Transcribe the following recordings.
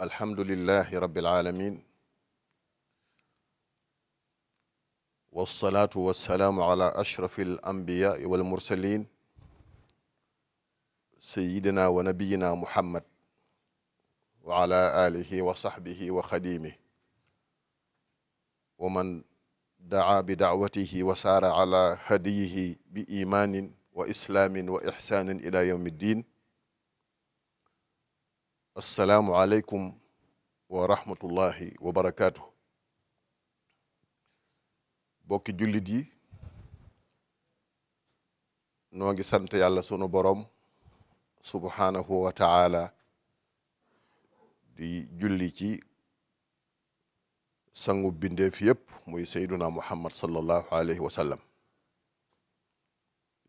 alhamdulillahi rabbil alamin walsalaatu walsalaamu ala ashrafi alambiyaai walmursalin sayidina wa nabiyina muhammad wa ala alihi wa saxbihi wa xadimih wa man daa bi daawatihi wa saara ala hadiyihi bi imaanin wa islaamin wa ixsaanin ila yowm ddin assalaamu aleykum wa rahmatullahi wa barakaatu. bokki jullit yi noo ngi sant yàlla sunu borom subhaanahu wa taala di julli ci sangu bindeef yépp muy sayduna muhammad sallallahu alayhi wa sallam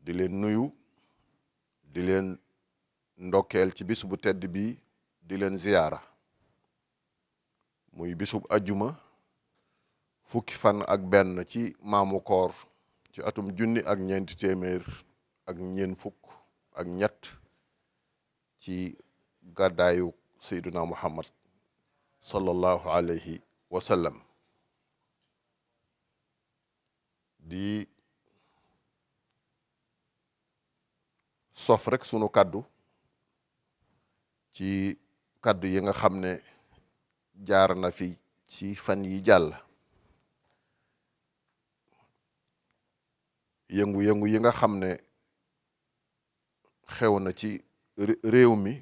di leen nuyu di leen ndokkeel ci bis bu tedd bi di leen ziyaara muy bisu ajjuma fukki fan ak benn ci maamu koor ci atum junni ak ñeenti téeméer ak ñeen fukk ak ñett ci gàddaayu sayduna muhammad sallallahu alayhi wa di sof rek sunu kaddu ci kaddu yi nga xam ne jaar na fi ci fan yi jàll yëngu yi nga xam ne xew na ci réew mi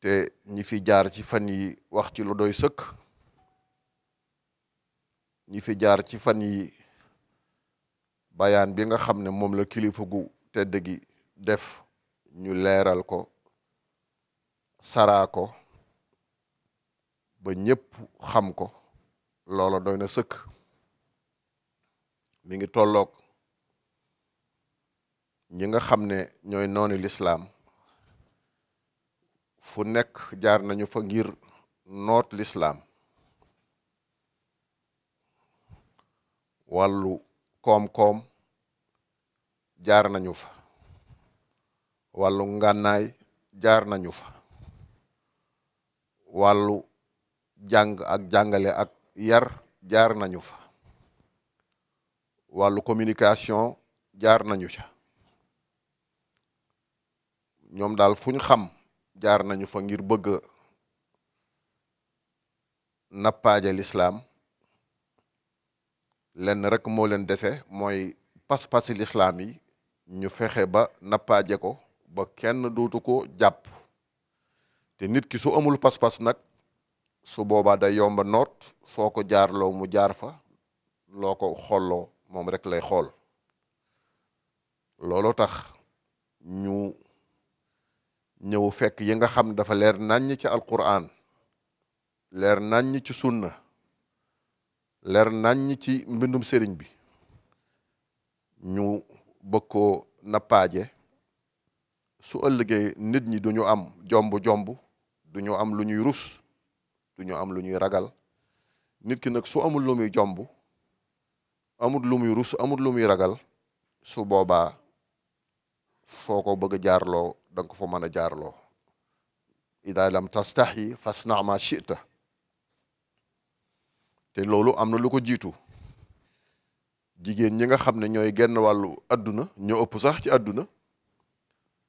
te ñi fi jaar ci fan yi wax ci lu doy sëkk ñi fi jaar ci fan yi bayaan bi nga xam ne moom la kilifa gu tedd gi def ñu leeral ko saraa ko ba ñëpp xam ko loola doy na sëkk mi ngi tolloog ñi nga xam ne ñooy nooni lislaam fu nekk jaar nañu fa ngir noot lislaam wàllu koom-koom jaar nañu fa wàllu ngànnaay jaar nañu fa wàllu jàng ak jàngale ak yar jaar nañu fa wàllu communication jaar nañu ca ñoom daal fuñ xam jaar nañu fa ngir bëgg nappaaje lislaam lenn rek moo leen dese mooy pas-pasi lislaam yi ñu fexe ba nappaaje ko ba kenn dootu ko jàpp te nit ki su amul pas-pas nag su boobaa day yomba noot foo ko jaarloo mu jaar fa loo ko xolloo moom rek lay xool looloo tax ñu ñëw fekk yi nga xam dafa leer naññ ci alquran leer naññ ci sunna leer naññ ci mbindum sëriñ bi ñu bëgg koo nappaaje su ëllëgee nit ñi duñu am jomb jomb duñu am lu ñuy rus du ñu am lu ñuy ragal nit ki nag su amul lu muy jomb amut lu muy rus amul lu muy ragal su boobaa foo ko bëgg a jaarloo da nga ko fa mën a am ida lam fas fasna ma chita te loolu am na lu ko jiitu jigéen ñi nga xam ne ñooy genn wàllu àdduna ñoo ëpp sax ci àdduna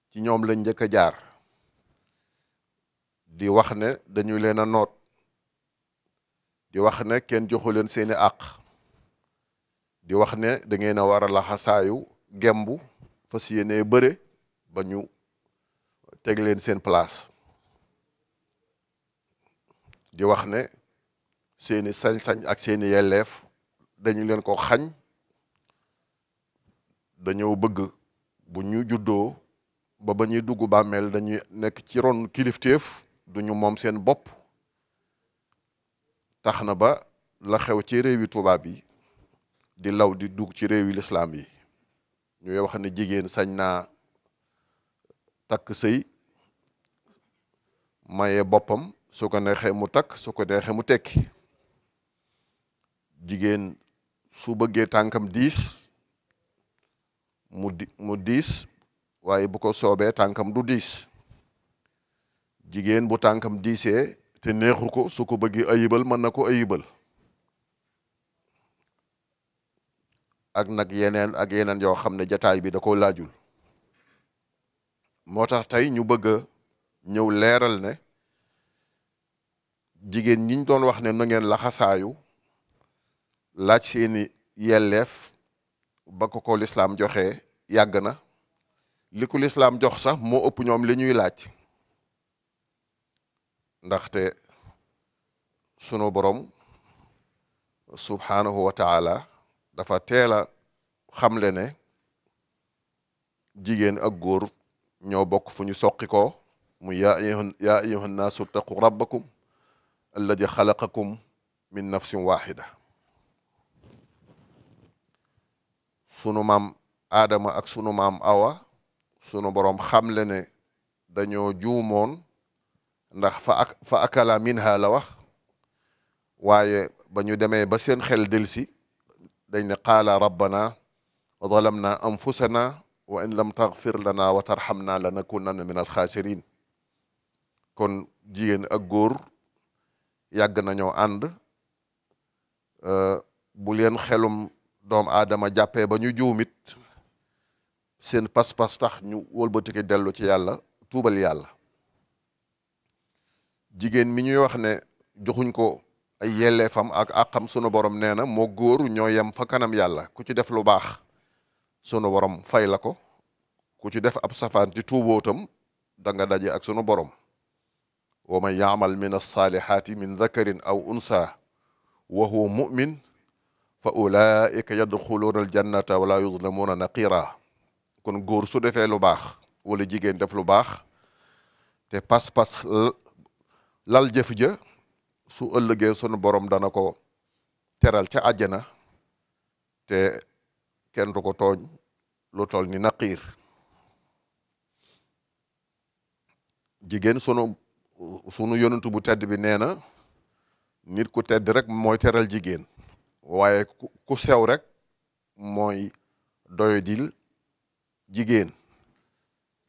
ci ñoom lañ njëkk a jaar di wax ne dañu leen a noot di wax ne kenn joxu leen seeni àq di wax ne da a war a laxasaayu gembu fas yéenee bëre ba ñu teg leen seen place di wax ne seeni sañsañ ak seeni yelleef dañu leen ko xañ dañoo bëgg bu ñu juddoo ba ba ñuy dugg bàmmeel dañuy nekk ci ron kilifteef duñu moom seen bopp tax na ba la xew ci réewi tubaab yi di law di dugg ci réewi lislaam yi ñu wax ne jigéen sañ naa takk say maye boppam su ko mu takk su ko neexee tekki jigéen su bëggee tànkam diis mu diis waaye bu ko soobee tànkam du diis jigéen bu tànkam diisee te neexu ko su ko bëggee ayibal mën na ko ayibal ak nag yeneen ak yeneen yoo xam ne jataay bi da ko laajul moo tax tey ñu bëgg a ñëw leeral ne jigéen ñiñ doon wax ne na ngeen laxasaayu laaj seeni yelleef ba ko ko joxe yàgg na li lislaam jox sax moo ëpp ñoom li ñuy laaj ndaxte sunu borom subhanahu wa dafa teel a xamle ne jigéen ak góor ñoo bokk fu ñu soqi mu yaa yaa ayyuhan naasu taqu rabbakum alladi xalaqakum min nafsin waxida sunu maam aadama ak sunu maam awa sunu borom xamle ne dañoo juumoon ndax fa ak akala minha la wax waaye ba ñu demee ba seen xel delsi dañ ne qaala rabbana wa zalamna anfusana wa in lam taghfir lana wa na lanakunanna min alxaasirin kon jigéen ak góor yàgg nañoo ànd bu leen xelum doom aadama jàppee ba ñu juumit seen pas-pas tax ñu wëlbatike dellu ci yàlla tuubal yàlla jigéen mi ñuy wax ne joxuñ ko ay yelleefam ak àqam sunu borom nee na moo góor ñoo yem fa kanam yàlla ku ci def lu baax sunu borom fay la ko ku ci def ab safaan ci tuubootam da daje ak sunu borom wa yamal yaamal min alsaalihaati min dakarin aw unsa wa huwa mumin fa ulaika yadxuluuna aljannata wala yuzlamuuna naqira kon góor su defee lu baax wala jigéen def lu baax te pas-pas lal jëf ja su ëllëgee sunu borom dana ko teral ca àjjana te kenn du ko tooñ lu tool ni naqiir jigéen sunu sunu yonentu bu tedd bi nee na nit ku tedd rek mooy teral jigéen waaye ku sew rek mooy doyodil jigéen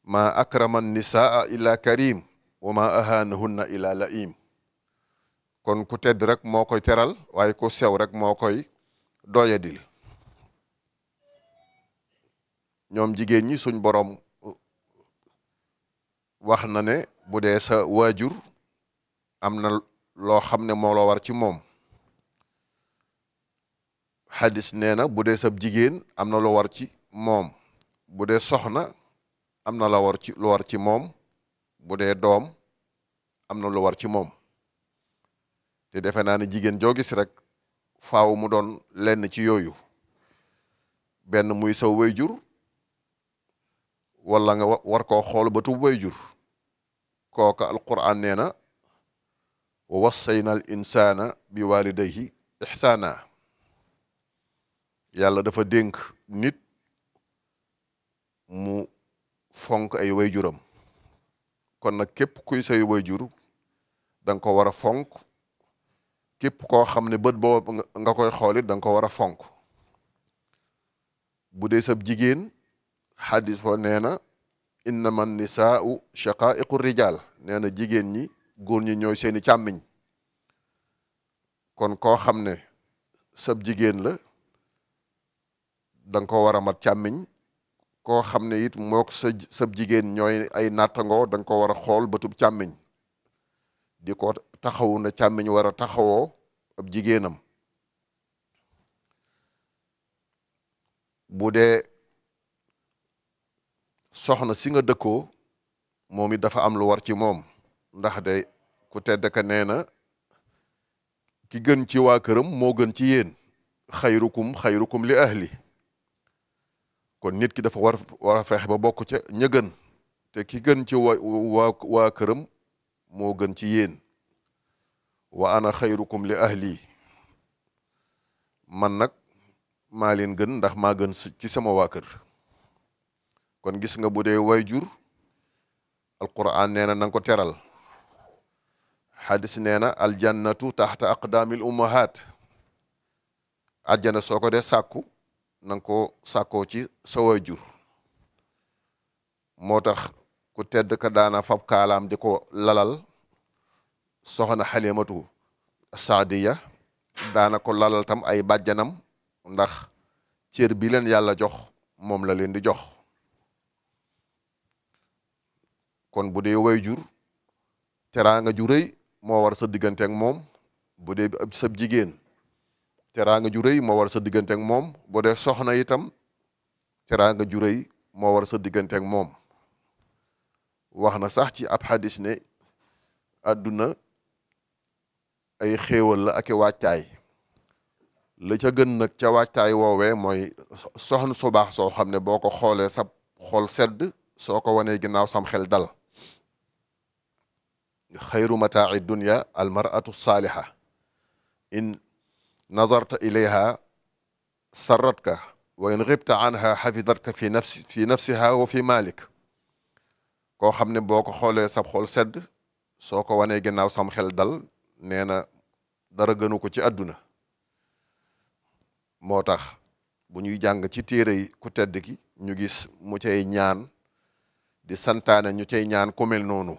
ma akraman nisaa illa karim wa na ahaanahunna la laim kon ku tedd rek moo koy teral waaye ku sew rek moo koy doyadil ñoom jigéen ñi suñ boroom uh, wax na ne bu dee sa waajur am na loo xam ne moo la war ci moom xadis nee na bu dee sab jigéen am na lu war ci moom bu dee soxna am na la war ci lu war ci moom bu dee doom am na lu war ci moom te defe naa ne jigéen joo gis rek faaw mu doon lenn ci yooyu benn muy saw wayjur wala nga war koo xool ba tub wayjur kooka alquran nee na wa wassayna al insana bi walidayhi ihsana yàlla dafa dénk nit mu fonk ay wayjuram kon nag képp kuy say waajur da nga ko war a fonk képp koo xam ne bët boobu nga koy xoolit da nga ko war a fonk bu dee sab jigéen xadis ba nee na innama nisaau shaqaiqu rijal nee na jigéen ñi góor ñi ñooy seeni càmmiñ kon koo xam ne sab jigéen la da ko war a mat càmmiñ koo xam ne it mook sa sab jigéen ñooy ay nattangoo da nga ko war a xool batub càmmiñ di ko taxawu na càmmiñ war a taxawoo ab jigéenam bu dee soxna si nga dëkkoo moom it dafa am lu war ci moom ndax de ku tedd ka nee na ki gën ci waa këram moo gën ci yéen xayrukum xayrukum li li kon nit ki dafa war war a feexe ba bokk ca ña gën te ki gën ci wa waa waa këram moo gën ci yéen wa ana xayrukum li ahli man nag maa leen gën ndax maa gën ci sama waa kër kon gis nga bu dee way jur al nee na nanga ko teral xadis nee na aljannatu taxta aqdaamil ummahaat ajjana soo ko dee sàkku na nga ko sàkkoo ci sa waajur moo tax ku tedd ka daana fab kaalaam di ko lalal soxna xalimatu sadiya daana ko lalal tam ay bàjjanam ndax cër bi leen yàlla jox moom la leen di jox kon bu dee waajur teraanga ju rëy moo war sa digganteek moom bu dee ab sab jigéen teraanga ju rëy moo war sa diggante moom boo dee soxna itam teraanga ju rëy moo war sa diggante moom wax na sax ci ab xadis ne àdduna ay xéewal la ak wàccaay la ca gën nag ca wàccaay woowee mooy soxna su baax soo xam ne boo ko xoolee sa xol sedd soo ko wanee ginnaaw sam xel dal xayru mataa'i dunya al mar'atu saaliha in nazarta ilayha saratka wa in xibta anha xafidatka fi nafsi fi nafsiha wa fi malik koo xam ne boo ko xoolee sab xool sedd soo ko wanee ginnaaw sam xel dal nee na dara gënu ko ci àdduna moo tax bu ñuy jàng ci téere yi ku tedd ki ñu gis mu cay ñaan di santaane ñu cay ñaan ku mel noonu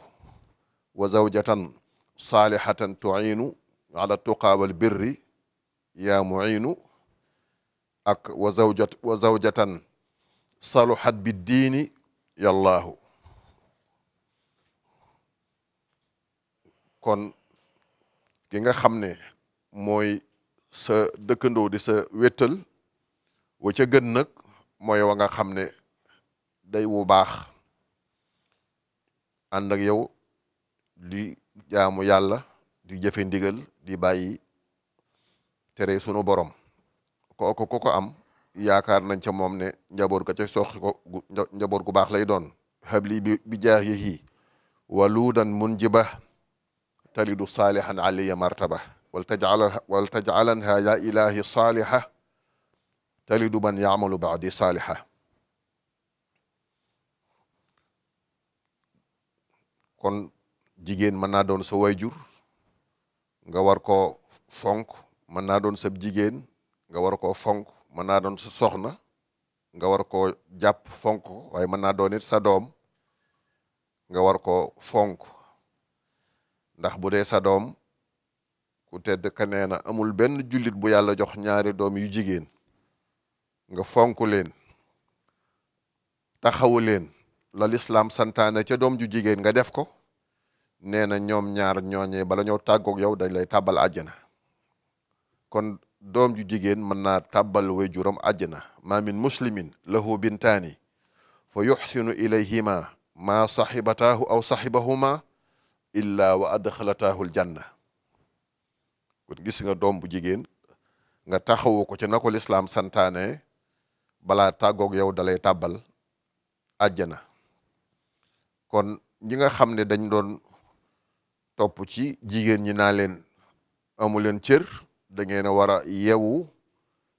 wa zawjatan saalihatan tuinu ala tuqaa wal birri yaa muinu ak wa zawjat wa zawjatan saluhat bi diini yallaahu kon ki nga xam ne mooy sa dëkkandoo di sa wéttal wa ca gën nag mooy wa nga xam ne day wu baax ànd ak yow di jaamu yàlla di jëfe ndigal di bàyyi tere sunu borom kooku ku ko am yaakaar nañ ca moom ne njaboot gu baax lay doon habli bi bi jaahihi waluudan munjiba talidu saalihan aliya martaba wal tajala wal tajalanha ya ilahi saaliha talidu man yaamalu baadi saaliha kon jigéen mën naa doon sa wayjur nga war ko fonk mën naa doon sab jigéen nga war koo fonk mën naa doon sa soxna nga war koo jàpp fonk waaye mën naa doon it sa doom nga war koo fonk ndax bu dee sa doom ku tedd ka nee na amul benn jullit bu yàlla jox ñaari doom yu jigéen nga fonk leen taxawu leen la lislaam santaane ca doom ju jigéen nga def ko nee na ñoom ñaar ñooñee bala ñoo tàggoog yow dañ lay tàbbal àjjana kon doom ju jigéen mën naa tàbbal way juram àjjana ma min muslimin lahu bintaani fa yuxsinu ilayhima ma saxibataahu aw saxibahuma illa wa adxalataahu aljanna kon gis nga doom bu jigéen nga taxawu ko ci na ko lislaam santaane balaa tàggoog yow dalay tàbbal àjjana kon ñi nga xam ne dañ doon topp ci jigéen ñi naa leen amu leen da ngeen a war a yewu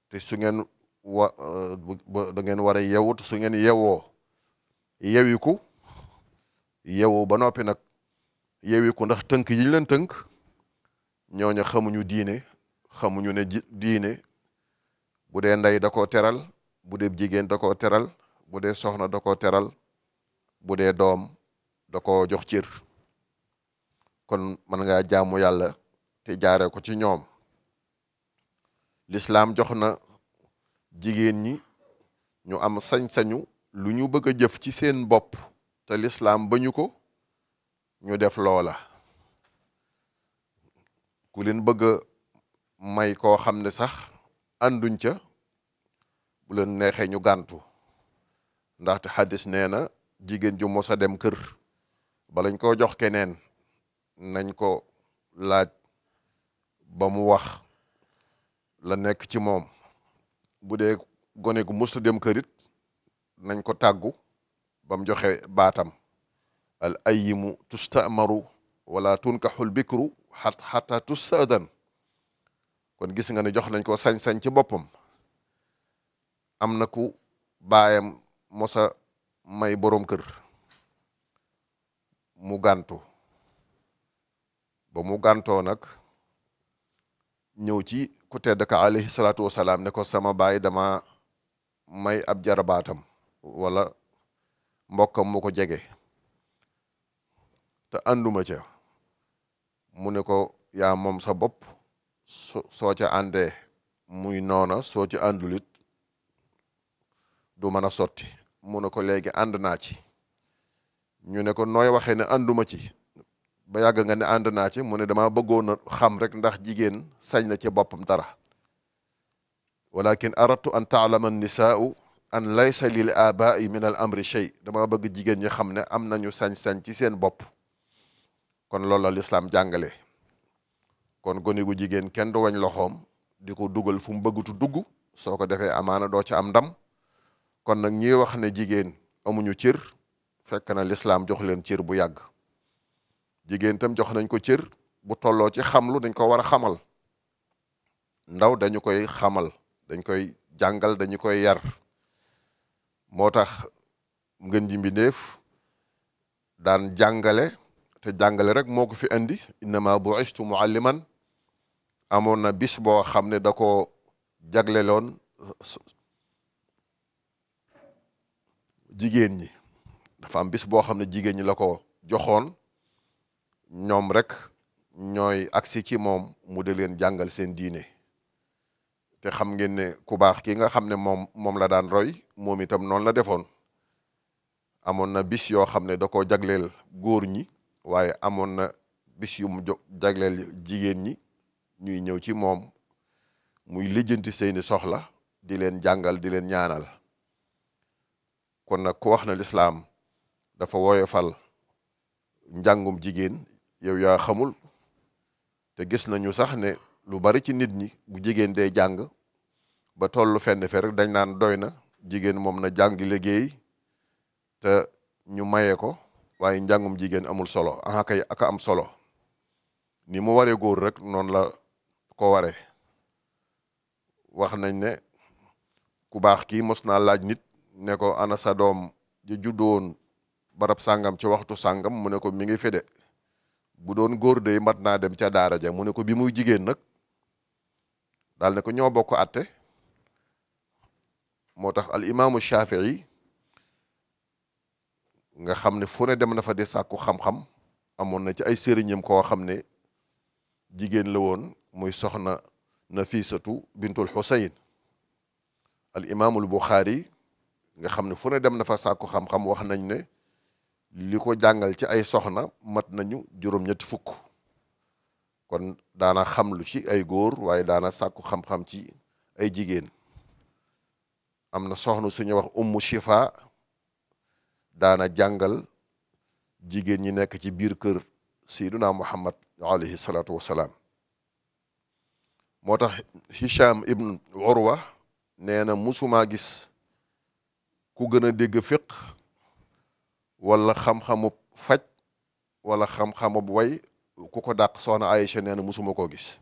te su ngeen wa uh, da ngeen war a yewu te su ngeen yewoo yewiku yewu ba noppi nag yewiku ndax tënk yi ñu leen tënk ñooñu xamuñu diine xamuñu ne diine bu dee ndey da koo teral bu dee jigéen da koo teral bu dee soxna da koo teral bu dee doom da koo jox cër kon mën ngaa jaamu yàlla te jaaree ko ci ñoom lislaam jox na jigéen ñi ñu am sañ-sañu lu ñu bëgg a jëf ci seen bopp te lislaam ba ñu ko ñu def loola ku leen bëgg may koo xam ne sax ànduñ ca bu leen neexee ñu gàntu ndaxte xadis nee na jigéen ju mos a dem kër balañ koo jox keneen nañ ko laaj ba mu wax la nekk ci moom bu dee gone gu musta dem kërit nañ ko tàggu bam joxe baatam al ayyimu tustamaru wala tunkaxul bikru xat xata tustadan kon gis nga ne jox nañ ko sañ-sañ ci boppam am na ku baayam mosa may borom kër mu gantu ba mu gàntoo nag ñëw ci ku tedd ka alayhi salaatu wasalaam ne ko sama baay dama may ab jarabaatam wala mbokkam mu ko jege te ànduma ca mu ne ko yaa moom sa bopp sooca ca muy noona soo ca du mën a sotti mu ne ko léegi ànd naa ci ñu ne ko nooy waxee ne ànduma ci ba yàgg nga ne ànd naa ci mu ne dama bëggoon xam rek ndax jigéen sañ na ci boppam dara wala walakin aradtu an taalama nisaau an laysa lil abaai min al amri shay dama bëgg jigéen ñi xam ne am nañu sañ-sañ ci seen bopp kon loolu la lislaam jàngale kon gone gu jigéen kenn du wañ loxoom di ko dugal fu mu bëggutu dugg soo ko defee amaana doo ci am ndam kon nag ñi wax ne jigéen amuñu cër fekke na lislaam jox leen cër bu yàgg jigéen tam jox nañ ko cër bu tolloo ci xamlu dañ ko war a xamal ndaw dañu koy xamal dañ koy jàngal dañu koy yar moo tax ngën ji mbindéef daan jàngale te jàngale rek moo ko fi andi innama bu'istu mualliman amoon na bis boo xam ne da ko jagleloon jigéen ñi dafa am bis boo xam ne jigéen ñi la ko joxoon ñoom rek ñooy agsi ci moom mu di leen jàngal seen diine te xam ngeen ne ku baax ki nga xam ne moom moom la daan roy moom itam noonu la defoon amoon na bis yoo xam ne da koo jagleel góor ñi waaye amoon na bis yu mu jagleel jigéen ñi ñuy ñëw ci moom muy lijjanti seeni soxla di leen jàngal di leen ñaanal kon nag ku wax na lislaam dafa woyofal njàngum jigéen yow ya xamul te gis nañu sax ne lu bari ci nit ñi bu jigéen dee jàng ba tollu fenn fe rek dañ naan doy na jigéen moom na jàng liggéey te ñu maye ko waaye njàngum jigéen amul solo aha kay am solo ni mu waree góor rek noonu la ko waree wax nañ ne ku baax kii mos naa laaj nit ne ko ana sa doom ju juddu woon barab sàngam ci waxtu sàngam mu ne ko mi ngi fede bu doon góor dey mat naa dem ca daara ja mu ne ko bi muy jigéen nag daal ne ko ñoo bokk atte moo tax al imaamu Shafii nga xam ne fu ne dem na fa de sàkku xam-xam amoon na ci ay sëriñam koo xam ne jigéen la woon muy soxna Nafisatu bintul Xusayn al imaamul Buxaari nga xam ne fu ne dem na fa sàkku xam-xam wax nañ ne li ko jàngal ci ay soxna mat nañu juróom-ñetti fukk kon daana xamlu ci ay góor waaye daana sàkku xam-xam ci ay jigéen am na soxna suñu wax ummu shifa daana jàngal jigéen ñi nekk ci biir kër sayduna muhammad alayhi salaatu moo tax hisham ibn urwa nee na musumaa gis ku gën a dégg fiq wala xam-xamub faj wala xam-xamub way ku ko dàq soxna Aïcha nee na mosuma koo gis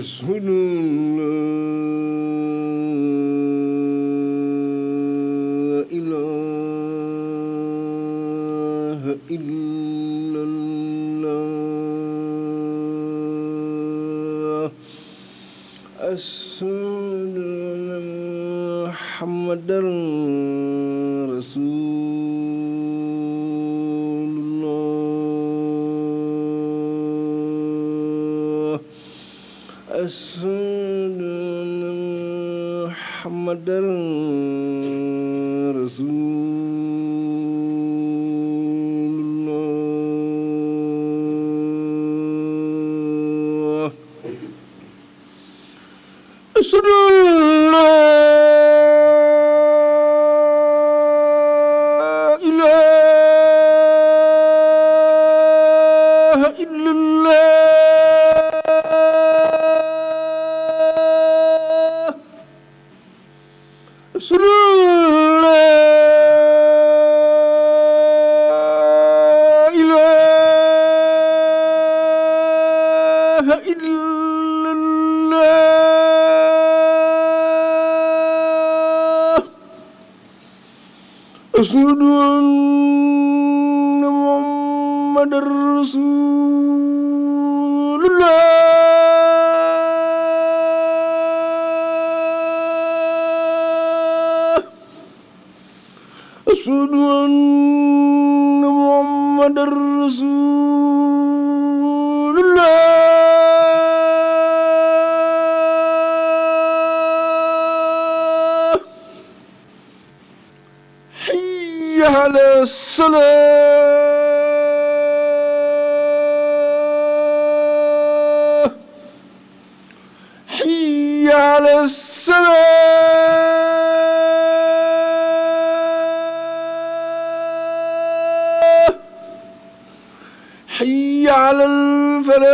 أشهد لا إله إلا الله أشهد أن محمدا رسول أشهد أن محمدا رسول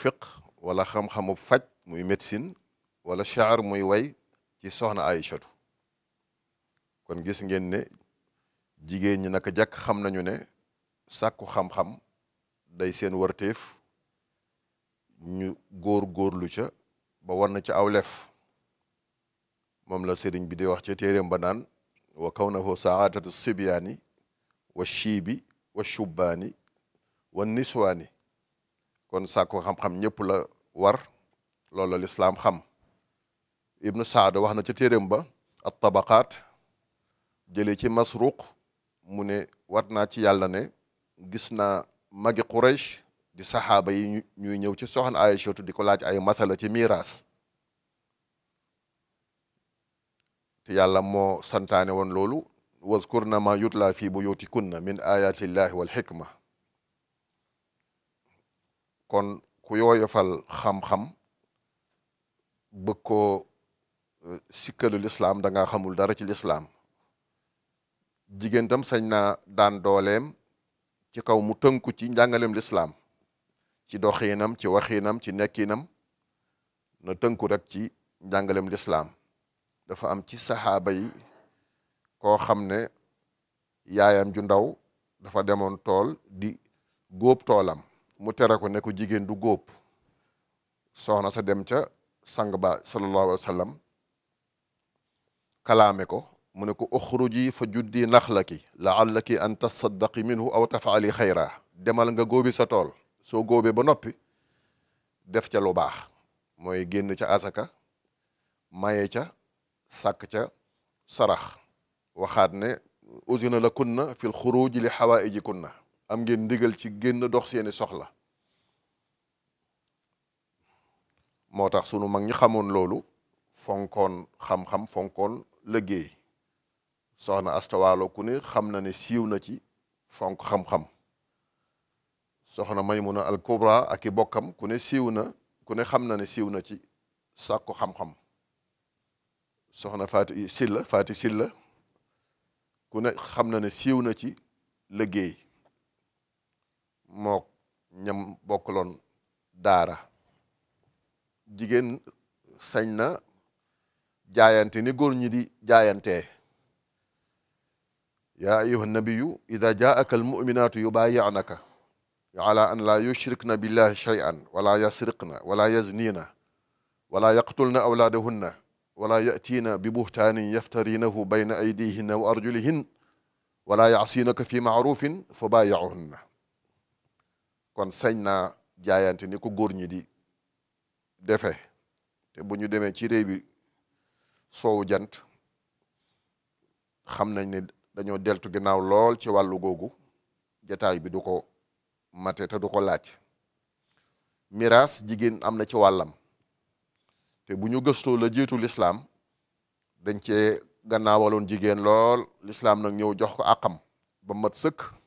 dégg wala xam-xamu faj muy médecine wala chaar muy way ci soxna Aïchatu kon gis ngeen ne jigéen ñi naka jàkk xam nañu ne sàkku xam-xam day seen warteef ñu góor góorlu ca ba war na ca aw moom la sëriñ bi di wax ca téeréem kaw na wa kawnahu saadatu sibiyaani wa shiibi wa shubbaani wa niswaani kon sàkku xam-xam ñëpp la war loolu lislaam xam ibnu saad wax na ci téeréem ba at tabaqaat jëlee ci masruq mu ne wat naa ci yàlla ne gis naa magi quraysh di saxaaba yi ñuy ñëw ci soxna Aysatu di ko laaj ay masala ci miiraas te yàlla moo santaane woon loolu wazkurna ma yutla fi buyutikunna min ayatillahi wa hikma kon ku yooyofal xam-xam bëgg koo eh, sikkalu lislaam danga xamul dara ci lislaam jigéen tam sañ naa daan dooleem ci kaw mu tënku ci njàngaleem lislaam ci doxiinam ci waxiinam ci nekkinam na tënku rek ci njàngaleem lislaam dafa am ci saxaaba yi koo xam ne yaayam ju ndaw dafa demoon tool di góob toolam mu tere ko ne ko jigéen du góob soxna sa dem ca sang ba sallallahu alayhi wa ko mu ne ko uxruji fa juddi naxlaki laallaki an tasaddaqi minhu aw tafaali xayra demal nga góobi sa tool soo góobee ba noppi def ca lu baax mooy génn ca asaka maye ca sàkk ca sarax waxaat ne usina la kunna fil xuruj li xawaaiji kunna am ngeen ndigal ci génn dox seeni soxla moo tax sunu mag ñi xamoon loolu fonkoon xam-xam fonkoon liggéey soxna astawaalo ku ne xam na ne siiw na ci fonk xam-xam soxna maymuna al kubra ak bokkam ku ne siiw na ku xam na ne siiw na ci sàkku xam-xam soxna faati silla faati silla ku xam na ne siiw na ci liggéey mook ñam bokkaloon daara jigéen sañ na jaayante ni góor ñi di jaayantee yaa ayuha nabiyu ida jaaka almuminaatu yubaayi'naka ala an laa yushrikna billahi shay'an wala yasriqna wala yaznina wala yaqtulna awlaadahunna wala yatiina bi buhtaanin yaftariinahu bayna aydihinna wa arjulihin wala yacsiinaka fi macruufin fa baayi'uhunna kon sañ naa jaayante ni ko góor ñi di defee te bu ñu demee ci réew bi soowu jant xam nañ ne dañoo deltu ginnaaw lool ci wàllu googu jataay bi du ko mate te du ko laaj miraas jigéen am na ci wàllam te bu ñu gëstoo la jiitu lislaam dañ cee gannaawaloon jigéen lool lislaam na ñëw jox ko àqam ba mat sëkk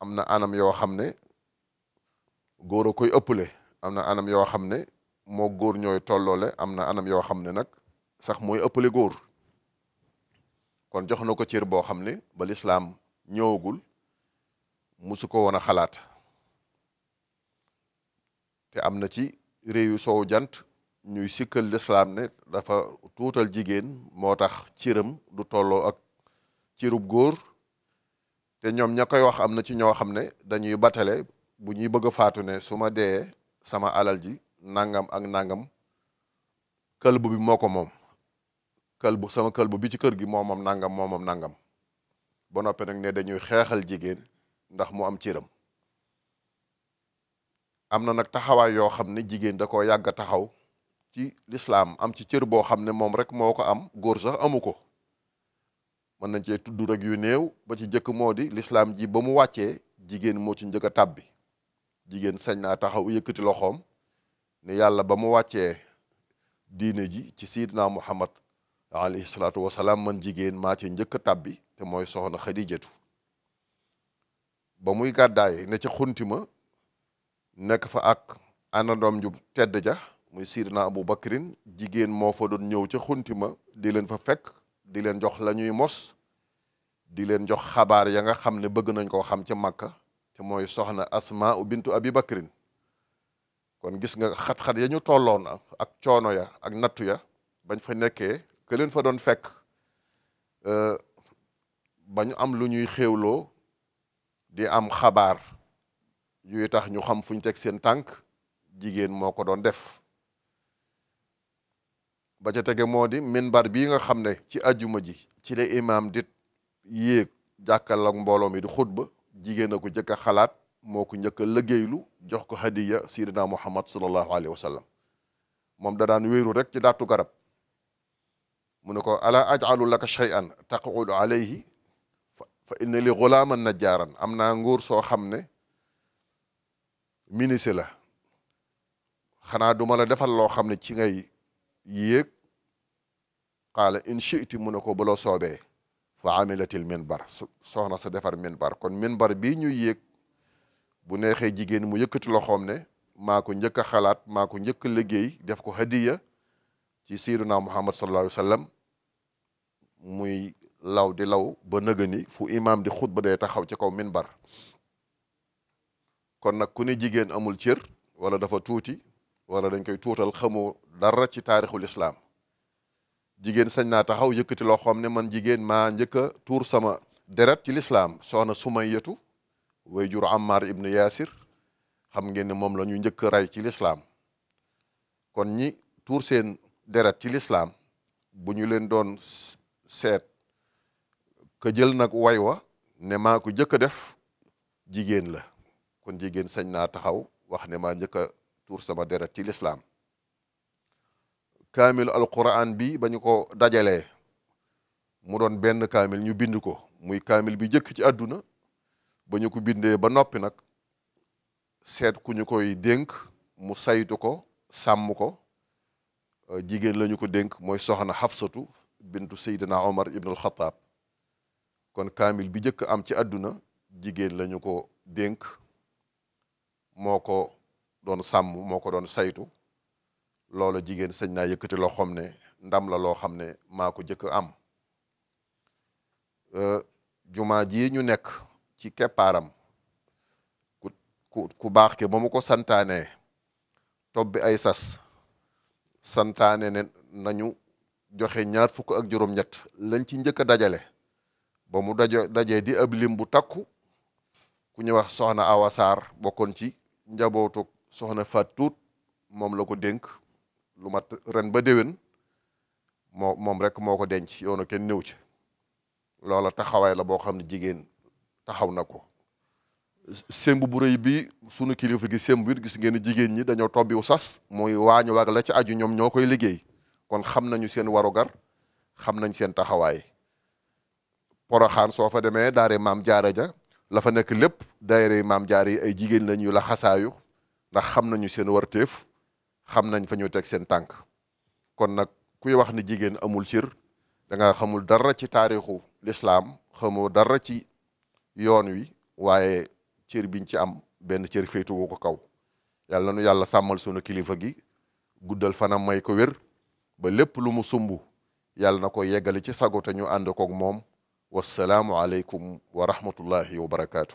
am na anam yoo xam ne góor a koy ëppale am na anam yoo xam ne moo góor ñooy tolloole am na anam yoo xam ne nag sax mooy ëppale góor kon jox na ko cër boo xam ne ba lislaam ñëwagul musu ko woon a xalaat te am na ci réew yu soow jant ñuy sikkal lislaam ne dafa tuutal jigéen moo tax cëram du tolloo ak cërub góor te ñoom ña koy wax am na ci ñoo xam ne dañuy batale bu ñuy bëgg a faatu ne su ma dee sama alal ji nangam ak nangam këlbu bi moo ko moom këlbu sama këlbu bi ci kër gi moomam nangam moomam nangam ba noppi nag ne dañuy xeexal jigéen ndax mu am cëram am na nag taxawaay yoo xam ne jigéen da koo yàgg a taxaw ci lislaam am ci cër boo xam ne moom rek moo ko am góor sax amu ko mën nañ cee tudd rek yu néew ba ci jëkk moo di lislaam ji ba mu wàccee jigéen moo ci njëkk a tàbbi jigéen sañ naa taxaw yëkkati loxoom ne yàlla ba mu wàccee diine ji ci Seydina Muhammad alayhi salaatu wasalaam man jigéen maa ci njëkk a tàbbi te mooy soxna Xadijatu ba muy gàddaaye ne ci xuntima nekk fa ak àndandoom ju tedd ja muy Seydina Abu Bakrin jigéen moo fa doon ñëw ca xuntima ma di leen fa fekk di leen jox la ñuy mos di leen jox xabaar ya nga xam ne bëgg nañ koo xam ca Makka te mooy soxna Asma bintu Abi Bakrin kon gis nga xat-xat ya ñu tolloon ak coono ya ak nattu ya bañ fa nekkee ke fa doon fekk euh, ba am lu ñuy xéewloo di am xabaar yuy tax ñu xam fu ñu teg seen tànk jigéen moo ko doon def ba ca tege moo di minbar bii nga xam ne ci ajjuma ji ci la imaam di yéeg jàkkal ak mbooloo mi di xutba jigéen a ko njëkk xalaat moo ku njëkk a liggéeylu jox ko hadiya sayyidina muhammad sallallahu alayhi wa moom dadaan daan rek ci daatu garab mu ne ko ala ajalu laka shay'an taqudu alayhi fa inna li gulaaman najjaaran am naa nguur soo xam ne ministre la xanaa duma defal loo xam ne ci ngay yéeg qaala in shi'ti mu ne ko bu la soobee fa amilatil minbar soxna sa defar minbar kon minbar bii ñuy yéeg bu neexee jigéen mu yëkkati loxoom ne maa ko njëkk a xalaat maa ko njëkk a liggéey def ko hadiya ci sayyiduna muhammad sallallahu alayhi wa muy law di law ba nëga fu imaam di xutba day taxaw ci kaw minbar kon nag ku ne jigéen amul cër wala dafa tuuti wala dañ koy tuutal xamoo dara ci taarixul islaam jigéen sañ naa taxaw yëkkati loxoom ne man jigéen maa njëkk a tuur sama deret ci lislaam soxna Sumayyatu way jur Ammar ibnu Yaasir xam ngeen ne moom la ñu njëkk a rey ci lislaam kon ñi tuur seen deret ci lislaam bu ñu leen doon seet ka jël nag way wa ne maa ko njëkk a def jigéen la kon jigéen sañ naa taxaw wax ne maa njëkk a tuur sama deret ci lislaam kaamil alquran bi ba ñu ko dajalee mu doon benn kaamil ñu bind ko muy kaamil bi jëkk ci àdduna ba ñu ko bindee ba noppi nag seet ku ñu koy dénk mu saytu ko sàmm ko euh, jigéen lañu ko dénk mooy soxana Xafsatu bintu Seydina Omar ibn al kon kaamil bi njëkk am ci àdduna jigéen lañu ko dénk moo ko doon sàmm moo ko doon saytu loola jigéen sañ naa yëkkati loo xam ne ndam la loo xam ne maa ko jëkk am euh, juma ji ñu nekk ci keppaaram ku ku baax ke ba mu ko santaanee tob bi ay sas santaane ne nañu joxe ñaar fukk ak juróom-ñett lañ ci njëkk a dajale ba mu dajo dajee di ab lim bu takku ku ñu wax soxna Awa Sarr bokkoon ci njabootu soxna Fatou moom la ko dénk lu mat ren ba déwén moo moom rek moo ko denc yoonu kenn néew ci loola taxawaay la boo xam ne jigéen taxaw na ko sémb bu rëy bi sunu kilifa gi sémb bi gis ngeen jigéen ñi dañoo tobbiwu sas mooy waañu la ci aju ñoom ñoo koy liggéey kon xam nañu seen warugar xam nañ seen taxawaay poroxaan soo fa demee daare maam jaara ja la fa nekk lépp daare maam jaara yi ay jigéen lañu la xasaayu ndax xam nañu seen wartéef xam nañ fa ñu teg seen tànk kon nag kuy wax ni jigéen amul cir da nga xamul dara ci taarixu lislaam xamoo dara ci yoon wi waaye cër biñ ci am benn cër féetuwu ko kaw yàlla nu yàlla sàmmal sunu kilifa gi guddal fana may ko wér ba lépp lu mu sumb yàlla na ko yeggale ci sago te ñu ànd koog moom wasalaamu aleykum wa rahmatullahi wa barakatu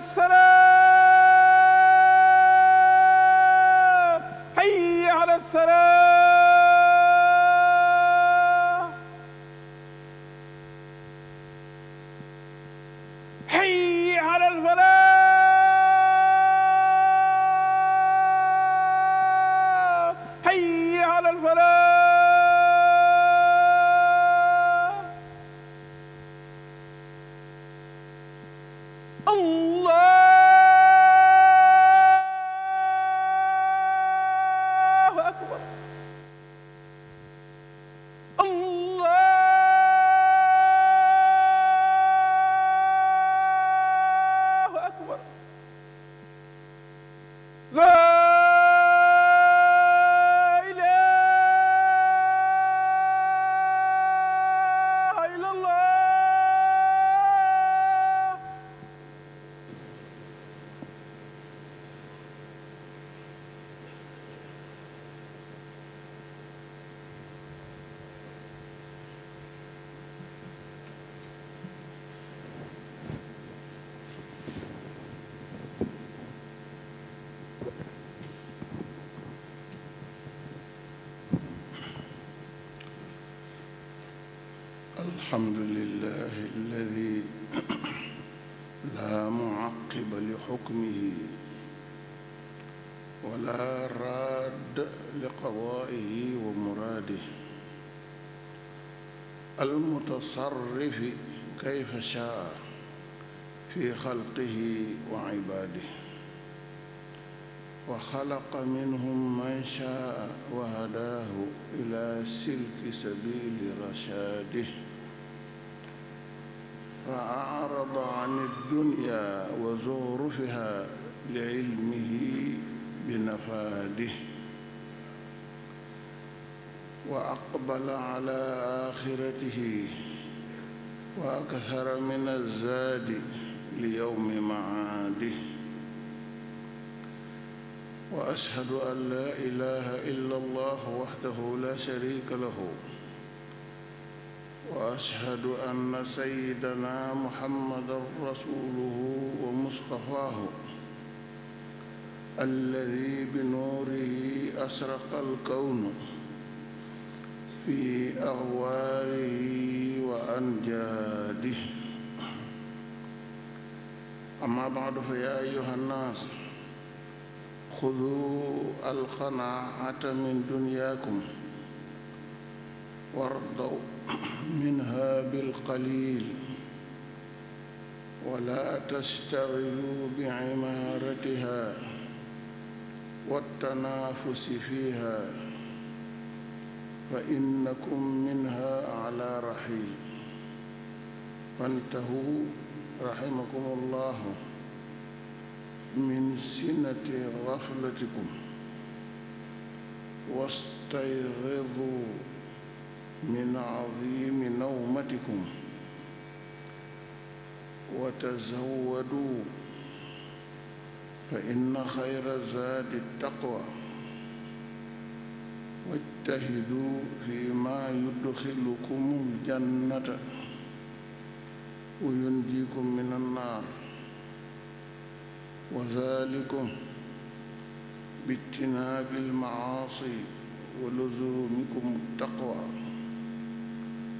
sa الحمد لله الذي لا معقب لحكمه ولا راد لقضائه ومراده المتصرف كيف شاء في خلقه وعباده وخلق منهم من شاء وهداه إلى سلك سبيل رشاده فأعرض عن الدنيا وزخرفها لعلمه بنفاده وأقبل على آخرته وأكثر من الزاد ليوم معاده وأشهد أن لا إله إلا الله وحده لا شريك له واشهد ان سيدنا محمدا رسوله ومصطفاه الذي بنوره اشرق الكون في اغواره وانجاده اما بعد فيا ايها الناس خذوا القناعه من دنياكم وارضوا منها بالقليل ولا تشتغلوا بعمارتها والتنافس فيها فإنكم منها على رحيل فانتهوا رحمكم الله من سنة غفلتكم واستيغظوا من عظيم نومتكم وتزودوا فإن خير زاد التقوى واجتهدوا فيما يدخلكم الجنة وينجيكم من النار وذلكم باجتناب المعاصي ولزومكم التقوى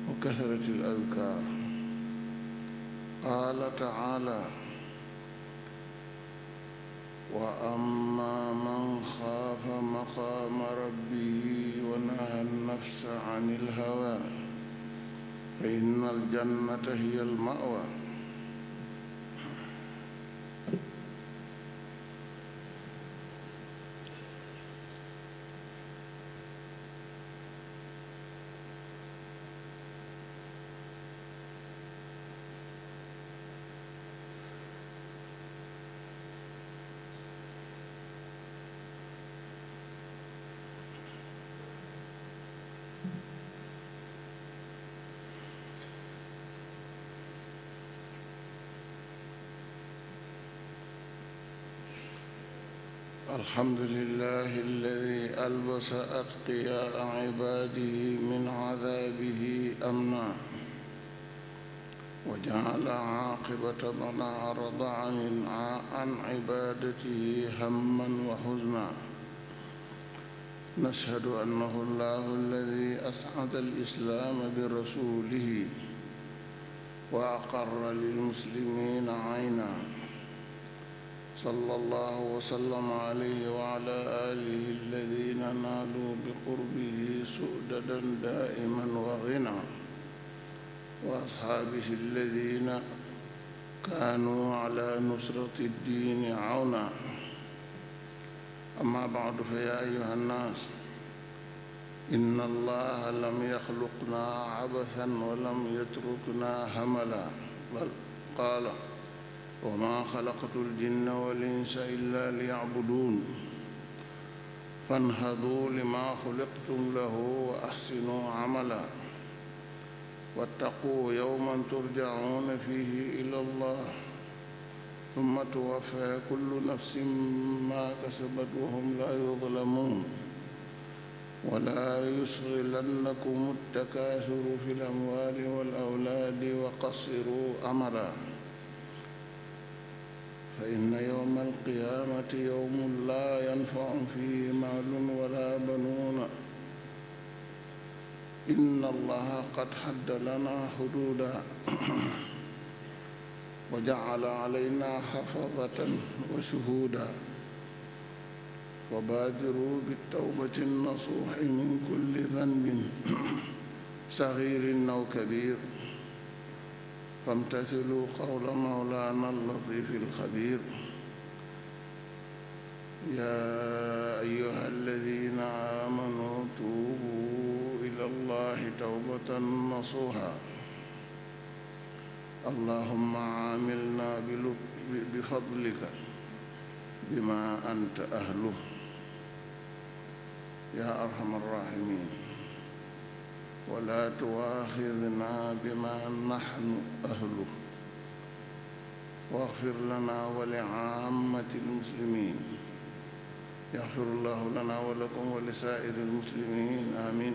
وكثرة الأذكار قال تعالى وأما من خاف مقام ربه ونهى النفس عن الهوى فإن الجنة هي المأوى الحمد لله الذي ألبس أتقياء عباده من عذابه أمنا وجعل عاقبة من أعرض عن عن عبادته هما وحزنا نشهد أنه الله الذي أسعد الإسلام برسوله وأقر للمسلمين عينا صلى الله وسلم عليه وعلى آله الذين نالوا بقربه سؤددا دائما وغنى وأصحابه الذين كانوا على نصرة الدين عونا أما بعد فيا أيها الناس إن الله لم يخلقنا عبثا ولم يتركنا هملا بل قال wa maa xalaqtu aljinna wal insa illa liyacbuduun fanhaduu limaa xuliqtum lahu wa axsinuu camala wattaquu yowman turjacuuna fiihi ila allah summa tuwaffaa kullu nafsin maa kasabat wa hum laa yuzlamuun walaa yusxilannakum attakaasuru fi l amwaali wal awlaadi wa qassiruu amala فإن يوم القيامة يوم لا ينفع فيه مال ولا بنون إن الله قد حد لنا حدودا وجعل علينا حفظة وشهودا وبادروا بالتوبة النصوح من كل ذنب صغير أو كبير فامتثلوا قول مولانا اللطيف الخبير يا أيها الذين آمنوا توبوا إلى الله توبة نصوحا اللهم عاملنا بفضلك بما أنت أهله يا أرحم الراحمين ولا تواخذنا بما نحن أهله واغفر لنا ولعامة المسلمين يغفر الله لنا ولكم ولسائر المسلمين آمين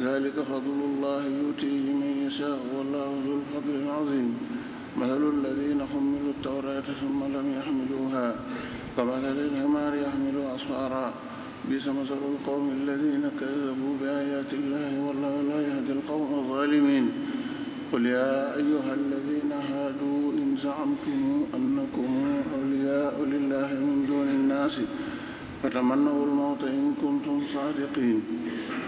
ذلك فضل الله يؤتيه من يشاء والله ذو الفضل العظيم مثل الذين حملوا التوراة ثم لم يحملوها كمثل الحمار يحمل أسفارا بئس مثل القوم الذين كذبوا بآيات الله والله لا يهدي القوم الظالمين قل يا أيها الذين هادوا إن زعمتم أنكم أولياء لله من دون الناس فتمنوا الموت إن كنتم صادقين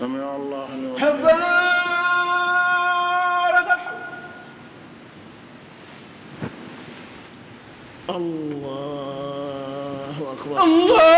سمع الله لمن حبنا لك الحمد الله أكبر الله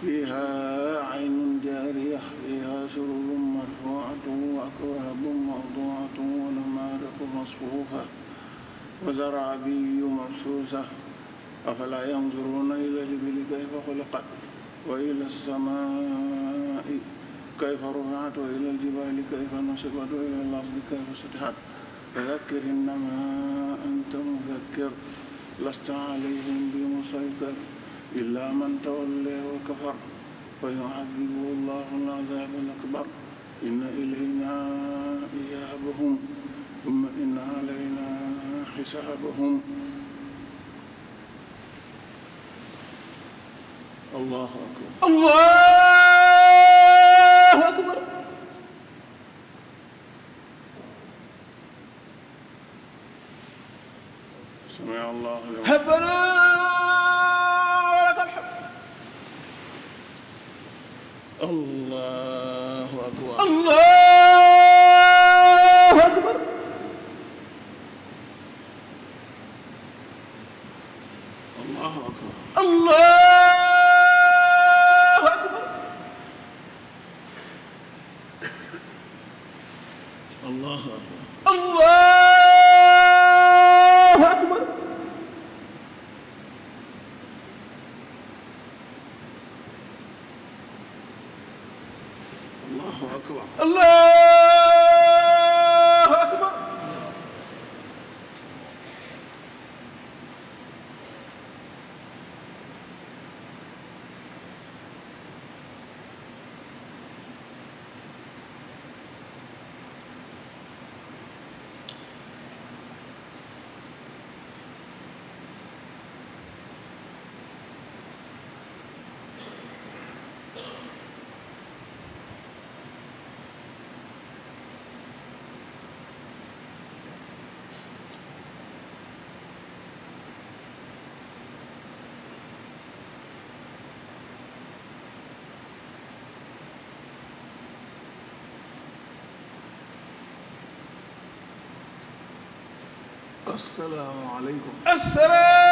فيها عين جارية فيها سرر مرفوعة وأكواب موضوعة ونمارق مصفوفة وزرابي مبسوسة أفلا ينظرون إلى الإبل كيف خلقت وإلى السماء كيف رفعت وإلى الجبال كيف نصبت وإلى الأرض كيف سطحت فذكر إنما أنت مذكر لست عليهم بمسيطر إلا من تولى وكفر فيعذبه الله العذاب الأكبر إن إلينا إيابهم ثم إن علينا حسابهم الله أكبر الله أكبر سمع الله لمن الله أكبر الله asalaamaaleykum. asalaamaaleykum.